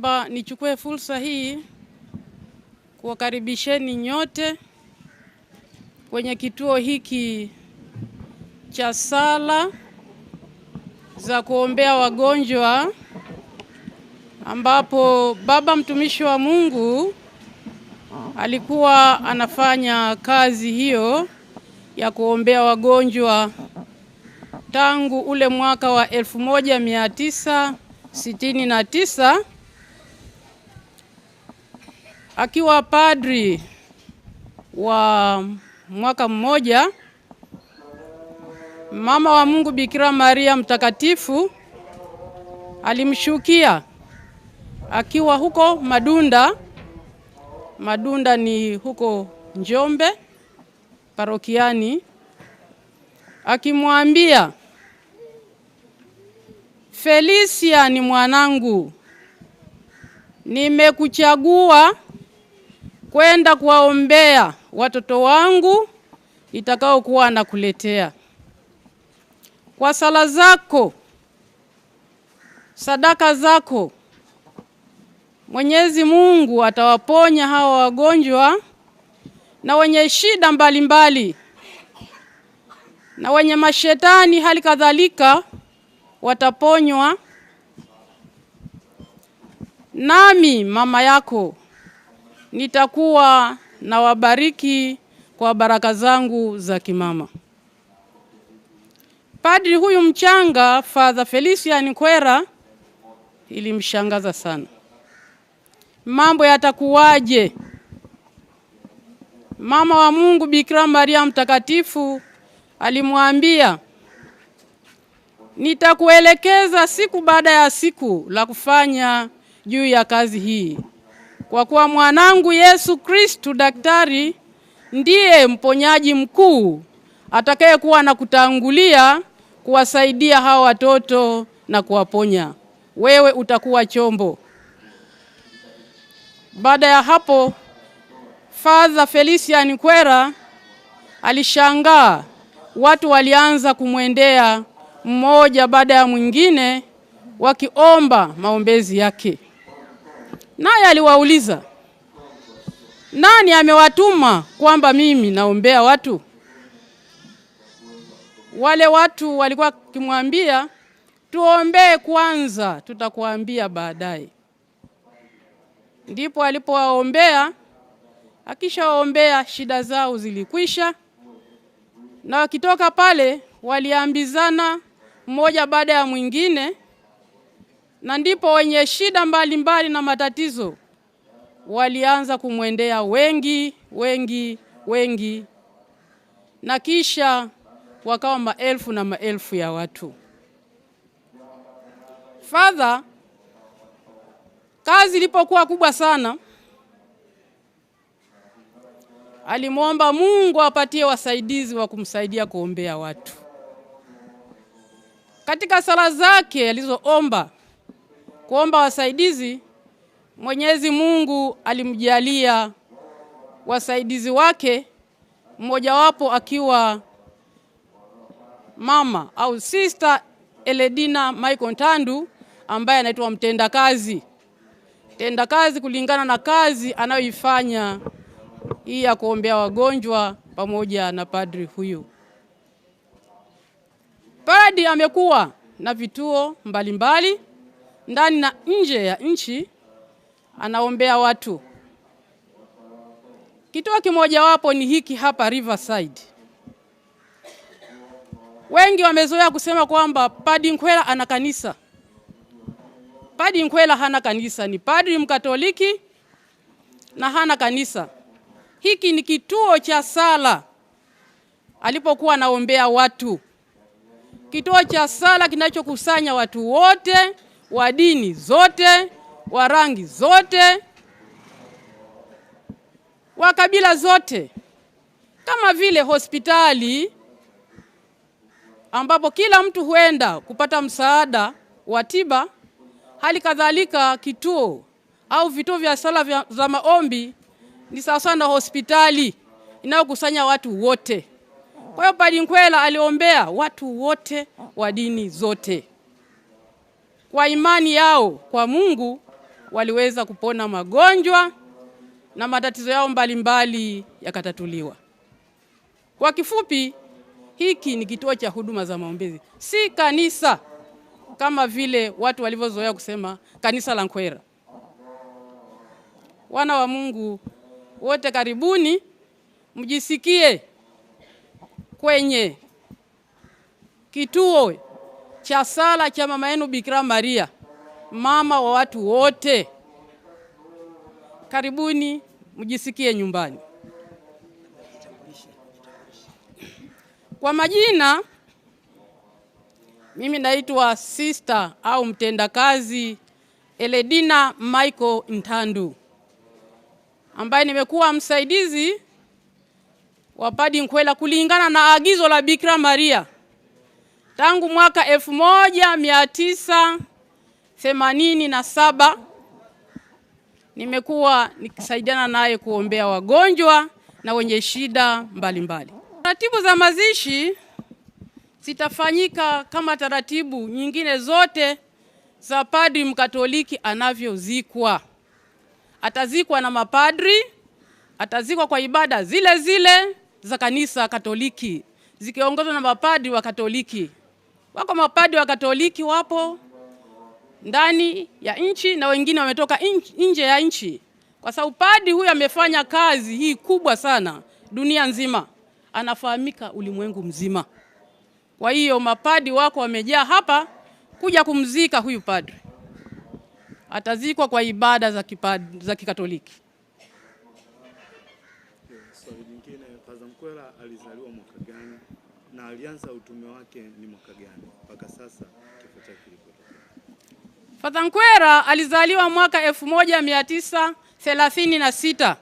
kwamba nichukue fursa hii kuwakaribisheni nyote kwenye kituo hiki cha sala za kuombea wagonjwa ambapo baba mtumishi wa Mungu alikuwa anafanya kazi hiyo ya kuombea wagonjwa tangu ule mwaka wa 1969 akiwa padri wa mwaka mmoja, mama wa Mungu Bikira Maria mtakatifu alimshukia akiwa huko Madunda. Madunda ni huko Njombe parokiani, akimwambia ni mwanangu, nimekuchagua kwenda kuwaombea watoto wangu itakaokuwa anakuletea kwa sala zako, sadaka zako, Mwenyezi Mungu atawaponya hawa wagonjwa na wenye shida mbalimbali mbali, na wenye mashetani hali kadhalika wataponywa. Nami mama yako nitakuwa na wabariki kwa baraka zangu za kimama. Padri huyu mchanga Father Felician Kwera ilimshangaza sana. Mambo yatakuwaje? Mama wa Mungu Bikira Maria mtakatifu alimwambia, nitakuelekeza siku baada ya siku la kufanya juu ya kazi hii kwa kuwa mwanangu Yesu Kristu daktari ndiye mponyaji mkuu atakayekuwa na kutangulia kuwasaidia hawa watoto na kuwaponya. Wewe utakuwa chombo. Baada ya hapo, Father Felician Kwera alishangaa watu walianza kumwendea mmoja baada ya mwingine wakiomba maombezi yake naye aliwauliza nani amewatuma kwamba mimi naombea watu? Wale watu walikuwa wakimwambia tuombee kwanza, tutakuambia baadaye. Ndipo alipowaombea, akishaombea shida zao zilikwisha, na wakitoka pale waliambizana mmoja baada ya mwingine na ndipo wenye shida mbalimbali mbali na matatizo walianza kumwendea wengi wengi wengi, na kisha wakawa maelfu na maelfu ya watu. Fadha, kazi ilipokuwa kubwa sana, alimwomba Mungu apatie wasaidizi wa kumsaidia kuombea watu. Katika sala zake alizoomba kuomba wasaidizi, Mwenyezi Mungu alimjalia wasaidizi wake, mmojawapo akiwa mama au sister Eledina Michael Ntandu ambaye anaitwa mtendakazi mtendakazi kulingana na kazi anayoifanya hii ya kuombea wagonjwa pamoja na padri huyu. Padri amekuwa na vituo mbalimbali mbali ndani na nje ya nchi, anaombea watu. Kituo kimojawapo ni hiki hapa Riverside. Wengi wamezoea kusema kwamba Padri Nkwera ana kanisa. Padri Nkwera hana kanisa, ni padri mkatoliki na hana kanisa. Hiki ni kituo cha sala alipokuwa anaombea watu, kituo cha sala kinachokusanya watu wote wa dini zote, wa rangi zote, wa kabila zote, kama vile hospitali ambapo kila mtu huenda kupata msaada wa tiba, hali kadhalika kituo au vituo vya sala za maombi ni sawasawa na hospitali inayokusanya watu wote. Kwa hiyo Padinkwela aliombea watu wote wa dini zote. Kwa imani yao kwa Mungu waliweza kupona magonjwa na matatizo yao mbalimbali yakatatuliwa. Kwa kifupi, hiki ni kituo cha huduma za maombezi, si kanisa kama vile watu walivyozoea kusema kanisa la Nkwera. Wana wa Mungu wote, karibuni mjisikie kwenye kituo cha sala cha mama yenu Bikira Maria, mama wa watu wote. Karibuni mjisikie nyumbani. Kwa majina, mimi naitwa sister au mtendakazi Eledina Michael Ntandu ambaye nimekuwa msaidizi wa Padi Nkwela kulingana na agizo la Bikira Maria tangu mwaka elfu moja mia tisa themanini na saba nimekuwa nikisaidiana naye kuombea wagonjwa na wenye shida mbalimbali. Taratibu za mazishi zitafanyika kama taratibu nyingine zote za padri mkatoliki anavyozikwa. Atazikwa na mapadri, atazikwa kwa ibada zile zile za kanisa Katoliki zikiongozwa na mapadri wa Katoliki. Wako mapadi wa Katoliki wapo ndani ya nchi na wengine wametoka nje ya nchi, kwa sababu padi huyu amefanya kazi hii kubwa sana dunia nzima, anafahamika ulimwengu mzima. Kwa hiyo mapadi wako wamejaa hapa kuja kumzika huyu padri. Atazikwa kwa ibada za, kipadri, za Kikatoliki. alianza utume wake ni mwaka gani mpaka sasa kifo chake kilipotokea? Fathankwera alizaliwa mwaka 1936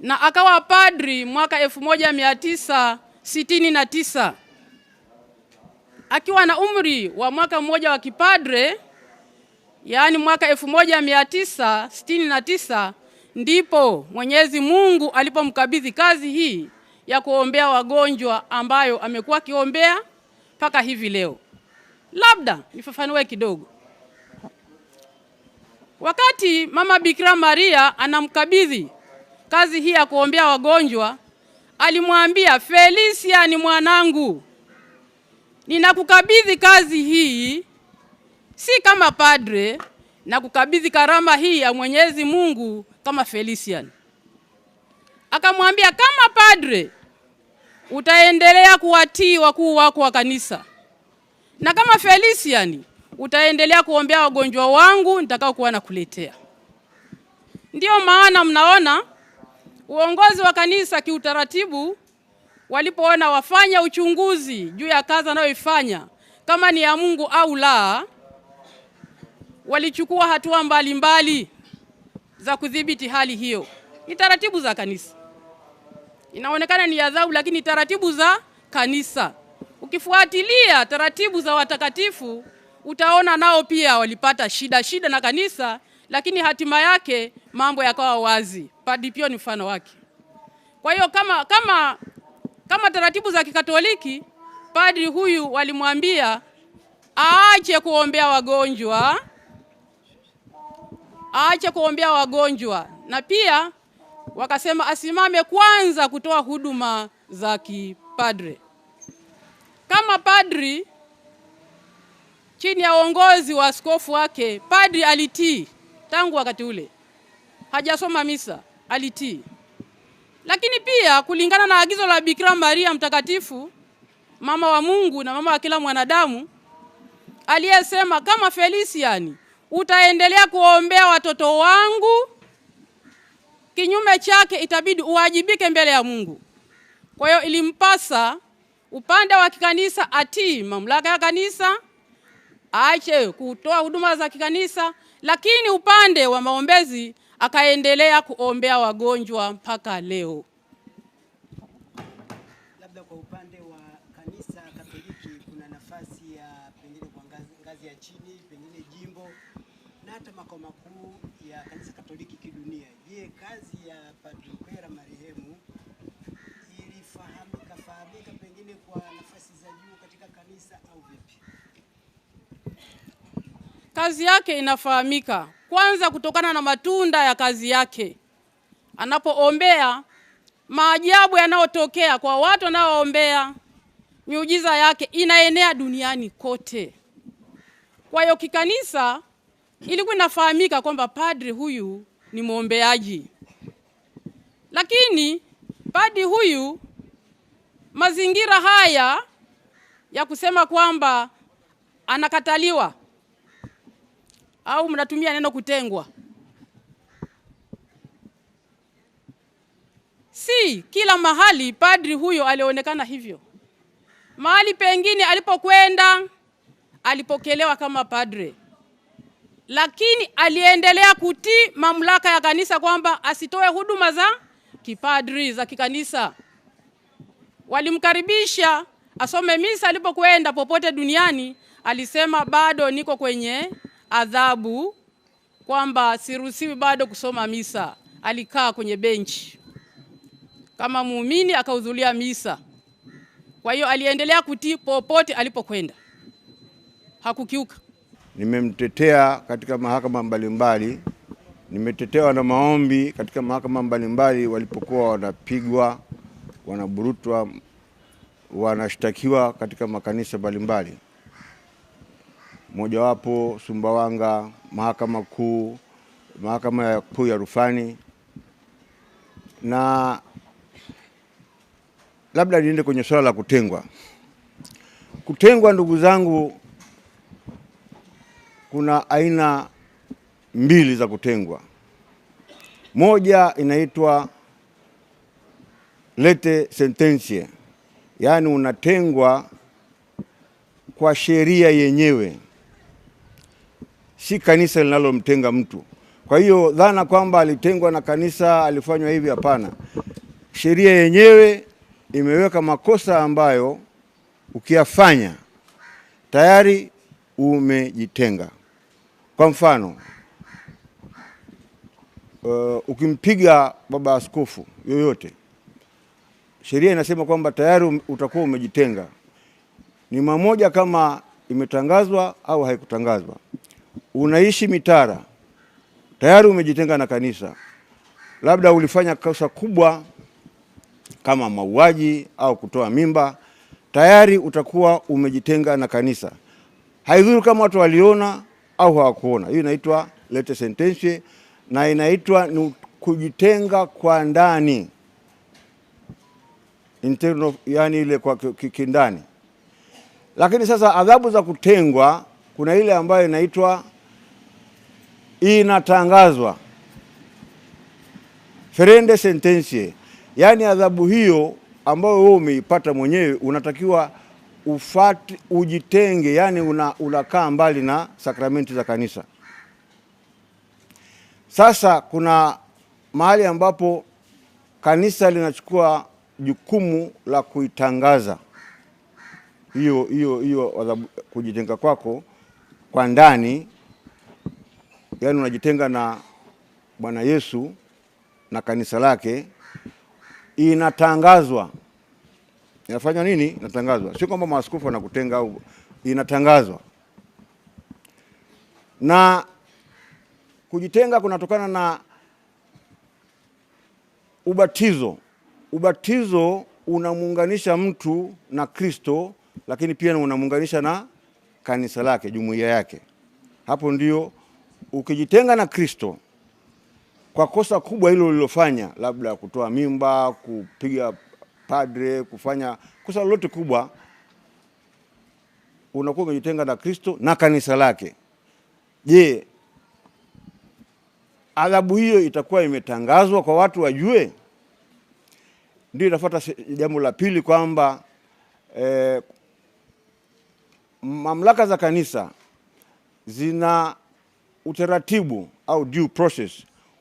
na akawa padri mwaka 1969 akiwa na umri wa mwaka mmoja wa kipadre, yaani mwaka 1969 ndipo Mwenyezi Mungu alipomkabidhi kazi hii ya kuombea wagonjwa ambayo amekuwa akiombea mpaka hivi leo. Labda nifafanue kidogo. Wakati Mama Bikira Maria anamkabidhi kazi hii ya kuombea wagonjwa, alimwambia Felicia, ni mwanangu, ninakukabidhi kazi hii, si kama padre, nakukabidhi karama hii ya Mwenyezi Mungu kama felician akamwambia kama padre utaendelea kuwatii wakuu wako wa kanisa na kama Felician utaendelea kuombea wagonjwa wangu nitakao kuwa nakuletea. Ndiyo maana mnaona uongozi wa kanisa kiutaratibu, walipoona wafanya uchunguzi juu ya kazi anayoifanya kama ni ya Mungu au la, walichukua hatua mbalimbali mbali za kudhibiti hali hiyo. Ni taratibu za kanisa. Inaonekana ni adhabu, lakini taratibu za kanisa, ukifuatilia taratibu za watakatifu utaona nao pia walipata shida shida na kanisa, lakini hatima yake mambo yakawa wazi. Padre Pio ni mfano wake. Kwa hiyo kama, kama, kama taratibu za Kikatoliki, padri huyu walimwambia aache kuombea wagonjwa, aache kuombea wagonjwa na pia wakasema asimame kwanza kutoa huduma za kipadre. Kama padri chini ya uongozi wa askofu wake, padri alitii tangu wakati ule, hajasoma misa, alitii. Lakini pia kulingana na agizo la Bikira Maria mtakatifu, mama wa Mungu na mama wa kila mwanadamu, aliyesema kama Felisiani, utaendelea kuombea watoto wangu kinyume chake itabidi uwajibike mbele ya Mungu. Kwa hiyo ilimpasa upande wa kikanisa atii mamlaka ya kanisa, aache kutoa huduma za kikanisa, lakini upande wa maombezi akaendelea kuombea wagonjwa mpaka leo. kazi ya Padre Kwera marehemu ilifahamika fahamika pengine kwa nafasi za juu katika kanisa au vipi? Kazi yake inafahamika kwanza kutokana na matunda ya kazi yake. Anapoombea, maajabu yanayotokea kwa watu wanaoombea, miujiza yake inaenea duniani kote. Kwa hiyo kikanisa ilikuwa inafahamika kwamba padri huyu ni mwombeaji, lakini padi huyu, mazingira haya ya kusema kwamba anakataliwa au mnatumia neno kutengwa, si kila mahali padri huyo alionekana hivyo. Mahali pengine alipokwenda alipokelewa kama padre lakini aliendelea kutii mamlaka ya kanisa kwamba asitoe huduma za kipadri za kikanisa. Walimkaribisha asome misa alipokwenda popote duniani, alisema bado niko kwenye adhabu, kwamba siruhusiwi bado kusoma misa. Alikaa kwenye benchi kama muumini akahudhuria misa. Kwa hiyo aliendelea kutii popote alipokwenda, hakukiuka nimemtetea katika mahakama mbalimbali, nimetetewa na maombi katika mahakama mbalimbali walipokuwa wanapigwa, wanaburutwa, wanashtakiwa katika makanisa mbalimbali, mojawapo Sumbawanga, mahakama kuu, mahakama ya kuu ya rufani. Na labda niende kwenye swala la kutengwa. Kutengwa, ndugu zangu kuna aina mbili za kutengwa. Moja inaitwa lete sentensie, yaani unatengwa kwa sheria yenyewe, si kanisa linalomtenga mtu. Kwa hiyo dhana kwamba alitengwa na kanisa, alifanywa hivi, hapana. Sheria yenyewe imeweka makosa ambayo ukiyafanya tayari umejitenga. Kwa mfano uh, ukimpiga baba askofu yoyote, sheria inasema kwamba tayari um, utakuwa umejitenga. Ni mamoja kama imetangazwa au haikutangazwa. Unaishi mitara, tayari umejitenga na kanisa, labda ulifanya kosa kubwa kama mauaji au kutoa mimba, tayari utakuwa umejitenga na kanisa. Haidhuru kama watu waliona au hawakuona. Hiyo inaitwa lete sentence na inaitwa ni kujitenga kwa ndani internal, yani ile kwa kindani. Lakini sasa adhabu za kutengwa, kuna ile ambayo inaitwa inatangazwa ferende sentensie, yaani adhabu hiyo ambayo wewe umeipata mwenyewe unatakiwa ufati, ujitenge, yani una, unakaa mbali na sakramenti za kanisa. Sasa kuna mahali ambapo kanisa linachukua jukumu la kuitangaza hiyo hiyo hiyo kujitenga kwako kwa ndani, yani unajitenga na Bwana Yesu na kanisa lake, inatangazwa inafanya nini? Inatangazwa, sio kwamba maaskofu wanakutenga au inatangazwa. Na kujitenga kunatokana na ubatizo. Ubatizo unamuunganisha mtu na Kristo, lakini pia unamuunganisha na kanisa lake, jumuiya yake. Hapo ndio ukijitenga na Kristo kwa kosa kubwa hilo ulilofanya, labda kutoa mimba, kupiga padre, kufanya kosa lolote kubwa, unakuwa umejitenga na Kristo na kanisa lake. Je, adhabu hiyo itakuwa imetangazwa kwa watu wajue? Ndio inafuata jambo la pili kwamba eh, mamlaka za kanisa zina utaratibu au due process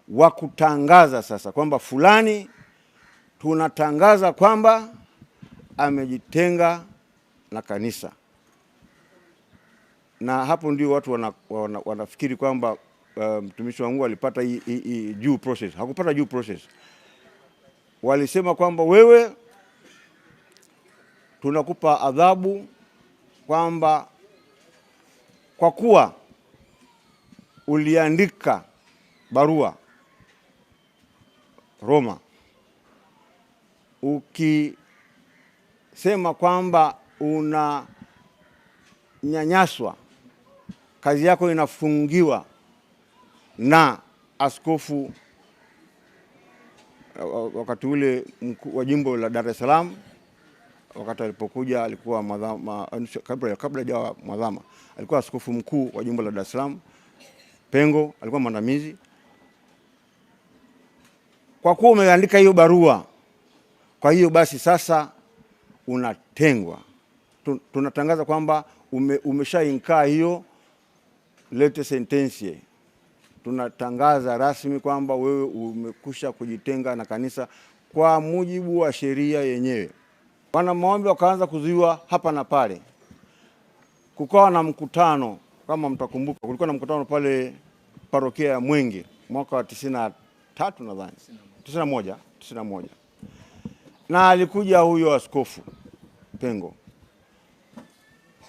wa kutangaza sasa kwamba fulani tunatangaza kwamba amejitenga na kanisa, na hapo ndio watu wana, wana, wanafikiri kwamba eh, mtumishi um, wa Mungu alipata hii, process. Hakupata juu process. Walisema kwamba wewe tunakupa adhabu kwamba kwa kuwa uliandika barua Roma ukisema kwamba unanyanyaswa, kazi yako inafungiwa na askofu wakati ule wa jimbo la Dar es Salaam wakati alipokuja alikuwa madhama, kabla kabla jawa mwadhama alikuwa askofu mkuu wa jimbo la Dar es Salaam Pengo, alikuwa mwandamizi. Kwa kuwa umeandika hiyo barua kwa hiyo basi sasa unatengwa. Tunatangaza kwamba ume, umeshainkaa hiyo lete sentensie. Tunatangaza rasmi kwamba wewe umekusha kujitenga na kanisa kwa mujibu wa sheria yenyewe. Wana maombi wakaanza kuzuiwa hapa na pale, kukawa na mkutano. Kama mtakumbuka, kulikuwa na mkutano pale parokia ya Mwenge mwaka wa tisini na tatu nadhani tisini na moja tisini na moja na alikuja huyo askofu Pengo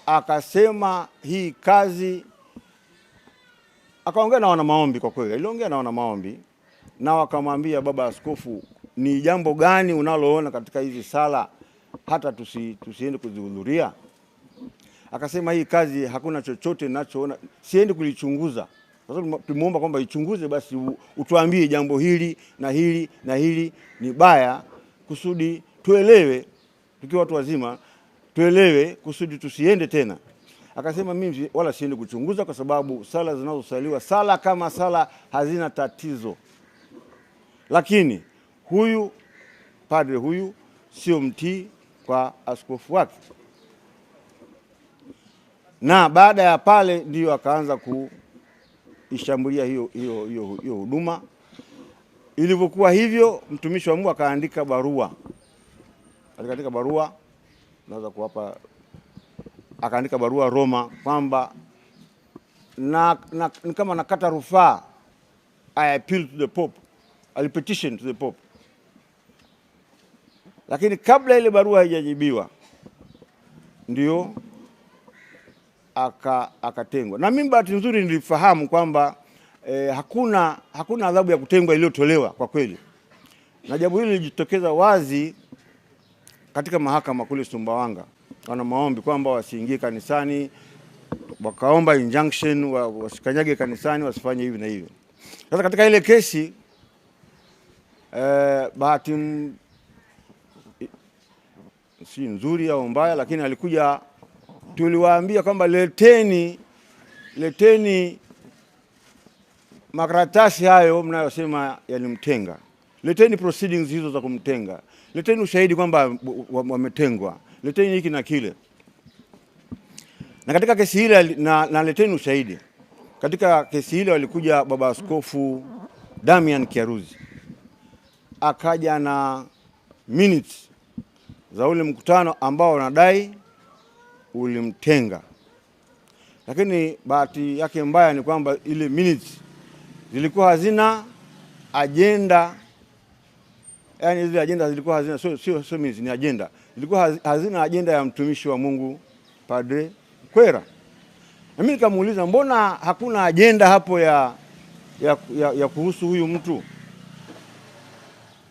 akasema hii kazi, akaongea na wana maombi. Kwa kweli aliongea na wana maombi na wakamwambia, baba askofu, ni jambo gani unaloona katika hizi sala hata tusi, tusiende kuzihudhuria? Akasema hii kazi hakuna chochote ninachoona, siendi kulichunguza kwa sababu tumeomba kwamba ichunguze, basi utuambie jambo hili na hili na hili ni baya kusudi tuelewe, tukiwa watu wazima tuelewe kusudi tusiende tena. Akasema mimi wala siendi kuchunguza, kwa sababu sala zinazosaliwa sala kama sala hazina tatizo, lakini huyu padre huyu sio mtii kwa askofu wake. Na baada ya pale ndiyo akaanza kuishambulia hiyo hiyo hiyo huduma. Ilivyokuwa hivyo, mtumishi wa Mungu akaandika barua, akaandika barua, naweza kuwapa, akaandika barua Roma kwamba na, na, kama nakata rufaa, I appeal to the Pope, I petition to the Pope. Lakini kabla ile barua haijajibiwa ndio akatengwa aka. Na mimi bahati nzuri nilifahamu kwamba eh, hakuna hakuna adhabu ya kutengwa iliyotolewa kwa kweli, na jambo hili lilijitokeza wazi katika mahakama kule Sumbawanga. Wana maombi kwamba wasiingie kanisani, wakaomba injunction wa, wasikanyage kanisani, wasifanye hivi na hivyo. Sasa katika ile kesi eh, bahati si nzuri au mbaya, lakini alikuja tuliwaambia kwamba leteni leteni makaratasi hayo mnayosema yalimtenga, leteni proceedings hizo za kumtenga, leteni ushahidi kwamba wametengwa, leteni hiki na kile, na katika kesi ile na, na leteni ushahidi katika kesi ile walikuja baba askofu Damian Kiaruzi akaja na minutes za ule mkutano ambao wanadai ulimtenga, lakini bahati yake mbaya ni kwamba ile minutes zilikuwa hazina ajenda, yani zile ajenda zilikuwa hazina sio sio sio ni ajenda, zilikuwa hazina ajenda ya mtumishi wa Mungu Padre Kwera. Na mimi nikamuuliza mbona hakuna ajenda hapo ya, ya, ya, ya kuhusu huyu mtu,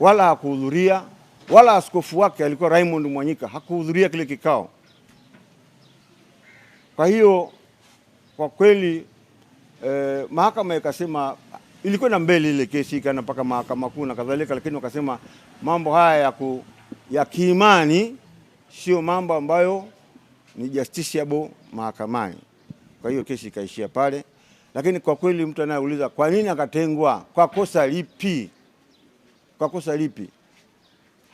wala hakuhudhuria wala askofu wake alikuwa Raymond Mwanyika hakuhudhuria kile kikao. Kwa hiyo kwa kweli eh, mahakama ikasema ilikuwa na mbele ile kesi ikana mpaka mahakama kuu na kadhalika, lakini wakasema mambo haya ya, ku, ya kiimani sio mambo ambayo ni justiciable mahakamani. Kwa hiyo kesi ikaishia pale, lakini kwa kweli mtu anayeuliza kwa nini akatengwa, kwa kosa lipi? Kwa kosa lipi?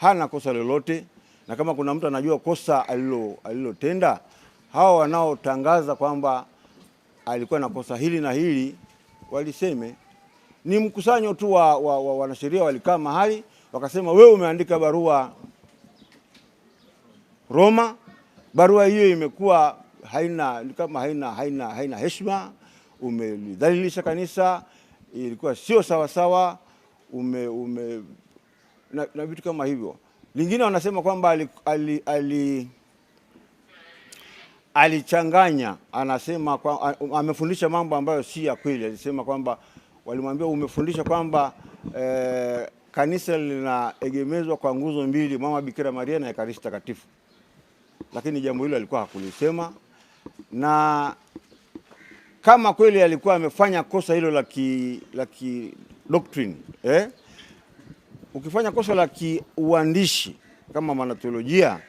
Hana kosa lolote, na kama kuna mtu anajua kosa alilotenda, hao wanaotangaza kwamba alikuwa na kosa hili na hili, waliseme. Ni mkusanyo tu wa, wa, wa wanasheria walikaa mahali wakasema, wewe umeandika barua Roma, barua hiyo imekuwa haina kama haina, haina, haina heshima, umelidhalilisha kanisa, ilikuwa sio sawasawa ume, ume na vitu kama hivyo. Lingine wanasema kwamba ali, ali, ali alichanganya, anasema kwa, amefundisha mambo ambayo si ya kweli. Alisema kwamba walimwambia umefundisha kwamba eh, kanisa linaegemezwa kwa nguzo mbili, mama Bikira Maria na Ekaristi Takatifu, lakini jambo hilo alikuwa hakulisema, na kama kweli alikuwa amefanya kosa hilo la doctrine eh? Ukifanya kosa la kiuandishi kama manatolojia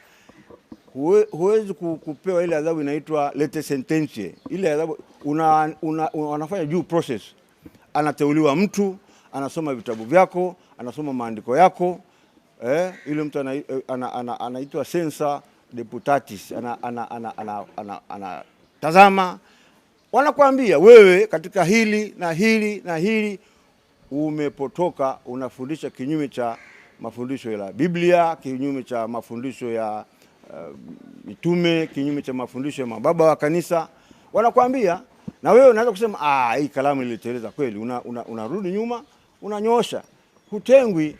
huwezi kupewa ile adhabu inaitwa lete sentensie. Ile adhabu una, una, wanafanya juu process. Anateuliwa mtu anasoma vitabu vyako, anasoma maandiko yako eh, ile mtu anaitwa ana, ana, ana, ana sensa deputatis anatazama ana, ana, ana, ana, ana, ana, wanakuambia wewe katika hili na hili na hili umepotoka, unafundisha kinyume cha mafundisho ya Biblia, kinyume cha mafundisho ya Uh, mitume uh, kinyume cha mafundisho ya mababa wa kanisa wanakwambia, na wewe unaweza kusema ah, hii kalamu iliteleza kweli. Unarudi una, una nyuma unanyosha, hutengwi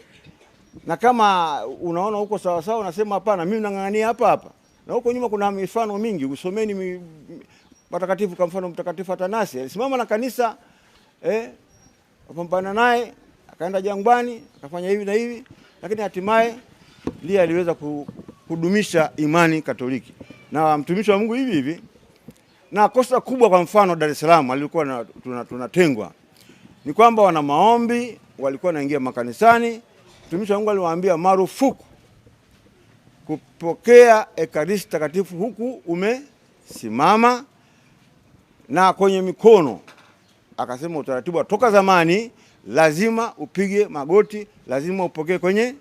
na kama unaona huko sawasawa, unasema hapana, mimi nang'ang'ania hapa hapa. Na huko nyuma kuna mifano mingi, usomeni mi, patakatifu. Kwa mfano Mtakatifu Atanasi alisimama na kanisa eh, apambana naye, akaenda jangwani akafanya hivi na hivi, lakini hatimaye ndiye aliweza ku, kudumisha imani Katoliki na mtumishi wa Mungu hivi hivi. Na kosa kubwa, kwa mfano Dar es Salaam alikuwa tunatengwa, ni kwamba wana maombi walikuwa wanaingia makanisani. Mtumishi wa Mungu aliwaambia marufuku kupokea ekaristi takatifu huku umesimama na kwenye mikono. Akasema utaratibu toka zamani, lazima upige magoti, lazima upokee kwenye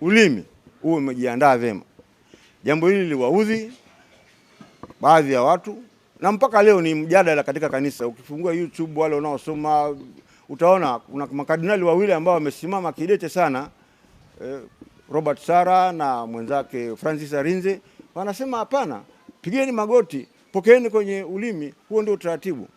ulimi, uwe umejiandaa vyema. Jambo hili liwaudhi baadhi ya watu na mpaka leo ni mjadala katika kanisa. Ukifungua YouTube wale unaosoma utaona kuna makardinali wawili ambao wamesimama kidete sana eh, Robert Sara na mwenzake Francis Arinze wanasema hapana, pigeni magoti, pokeeni kwenye ulimi. Huo ndio utaratibu.